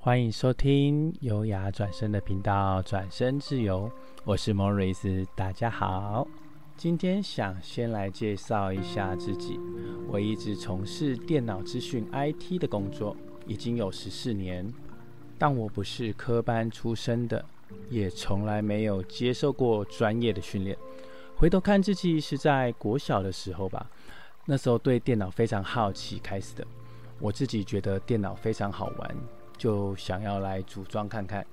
歡迎收聽優雅轉身的頻道，轉身自由，我是 Morris。大家好。今天想先來介紹一下自己，我一直從事電腦資訊 IT 的工作，已經有十四年，但我不是科班出身的，也從來沒有接受過專業的訓練。回頭看自己是在國小的時候吧，那時候對電腦非常好奇開始的，我自己覺得電腦非常好玩。就想要來組裝看看，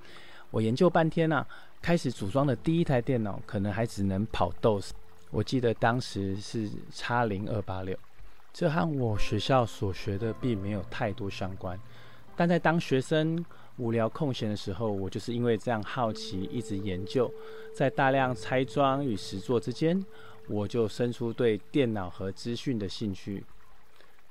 我研究半天啊，開始組裝的第一台電腦可能還只能跑 DOS，我記得當時是 X 零二八六，這和我學校所學的並沒有太多相關，但在當學生無聊空閒的時候，我就是因為這樣好奇一直研究，在大量拆裝與實作之間，我就生出對電腦和資訊的興趣。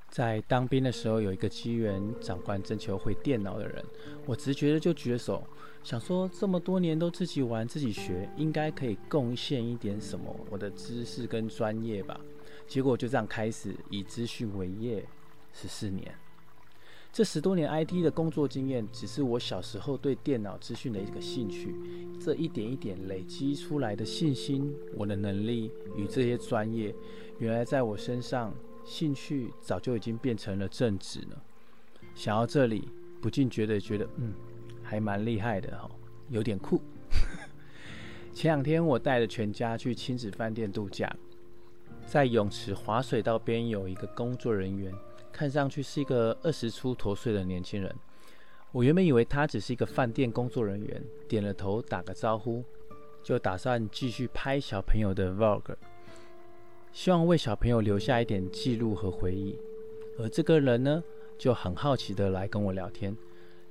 在當兵的時候，有一個機緣，長官徵求會電腦的人，我直覺的就舉了手，想說這麼多年都自己玩自己學，應該可以貢獻一點什麼，我的知識跟專業吧。結果就這樣開始以資訊為業十四年，這十多年 IT 的工作經驗，只是我小時候對電腦資訊的一個興趣，這一點一點累積出來的信心，我的能力與這些專業，原來在我身上。興趣早就已經變成了正職了。想到這裡，不禁覺得覺得，嗯，還蠻厲害的吼、哦，有點酷。 前兩天我帶着全家去親子飯店度假，在泳池滑水道邊有一個工作人員，看上去是一個二十出頭歲的年輕人。我原本以為他只是一個飯店工作人員，點了頭打個招呼，就打算繼續拍小朋友的 vlog。希望為小朋友留下一點記錄和回憶，而這個人呢，就很好奇的來跟我聊天，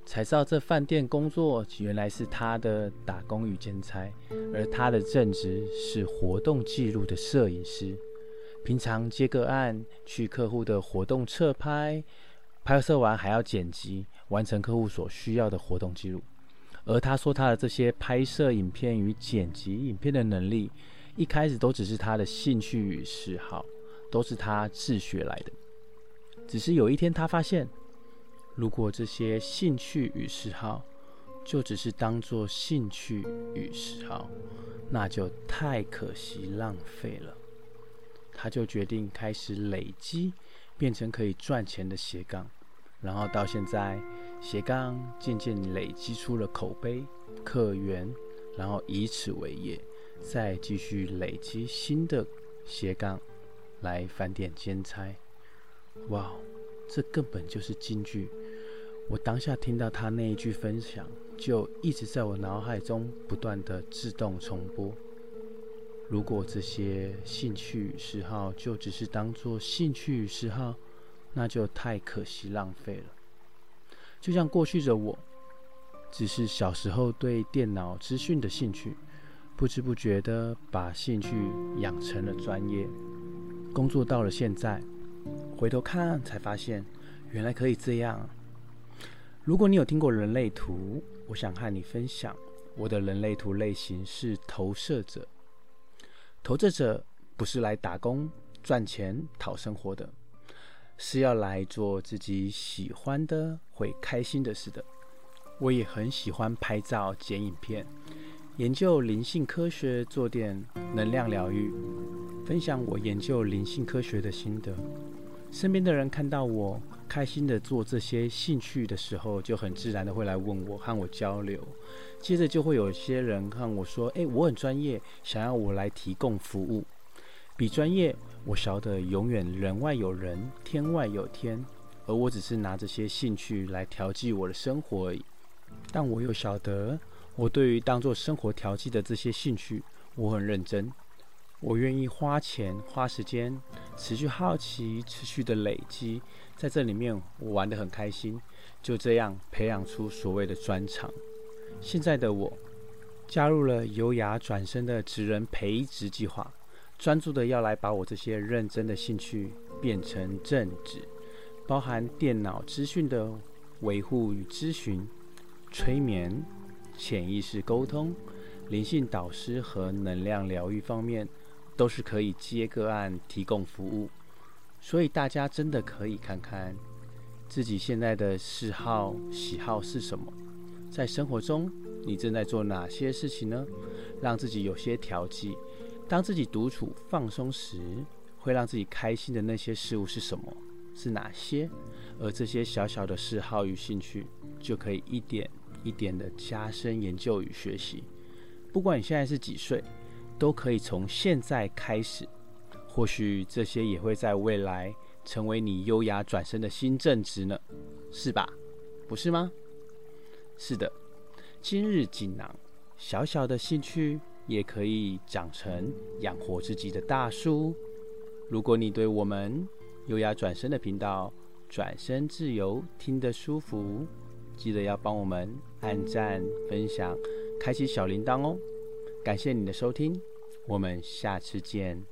才知道這飯店工作原來是他的打工與兼差，而他的正職是活動記錄的攝影師，平常接個案去客戶的活動側拍，拍攝完還要剪輯，完成客戶所需要的活動記錄，而他說他的這些拍攝影片與剪輯影片的能力。一開始都只是他的興趣與嗜好，都是他自學來的。只是有一天，他發現，如果這些興趣與嗜好，就只是當做興趣與嗜好，那就太可惜浪費了。他就決定開始累積，變成可以賺錢的斜槓。然後到現在，斜槓漸漸累積出了口碑、客源，然後以此為業。再繼續累積新的斜槓來返點兼差。哇，wow，這根本就是金句。我當下聽到他那一句分享，就一直在我腦海中不斷的自動重播。如果這些興趣嗜好就只是當做興趣嗜好，那就太可惜浪費了。就像過去的我，只是小時候對電腦資訊的興趣。不知不覺地把興趣養成了專業，工作到了現在，回頭看才發現原來可以這樣啊。如果你有聽過人類圖，我想和你分享，我的人類圖類型是投射者。投射者不是來打工賺錢討生活的，是要來做自己喜歡的、會開心的事的。我也很喜歡拍照剪影片。研究靈性科學，做點能量療癒，分享我研究靈性科學的心得。身邊的人看到我開心地做這些興趣的時候，就很自然地會來問我，和我交流。接着就會有些人和我說：“誒、欸，我很專業，想要我來提供服務。”比專業，我曉得永遠人外有人，天外有天。而我只是拿這些興趣來調劑我的生活而已。但我又曉得。我對於當做生活調劑的這些興趣，我很認真，我願意花錢花時間，持續好奇，持續的累積，在這裡面我玩得很開心，就這樣培養出所謂的專長。現在的我加入了優雅轉身的職人培植計劃，專注的要來把我這些認真的興趣變成正職，包含電腦資訊的維護與諮詢、催眠。潛意識溝通、靈性導師和能量療癒方面，都是可以接個案提供服務。所以大家真的可以看看自己現在的嗜好、喜好是什麼，在生活中你正在做哪些事情呢？讓自己有些調劑。當自己獨處放鬆時，會讓自己開心的那些事物是什麼？是哪些？而這些小小的嗜好與興趣，就可以一點。一點的加深研究與學習，不管你現在是幾歲，都可以從現在開始。或許這些也會在未來成為你優雅轉身的新正職呢，是吧？不是嗎？是的。今日錦囊，小小的興趣也可以長成養活自己的大樹。如果你對我們優雅轉身的頻道“轉身自由”聽得舒服，記得要幫我們按讚、分享、開啟小鈴鐺哦！感謝你的收聽，我們下次見。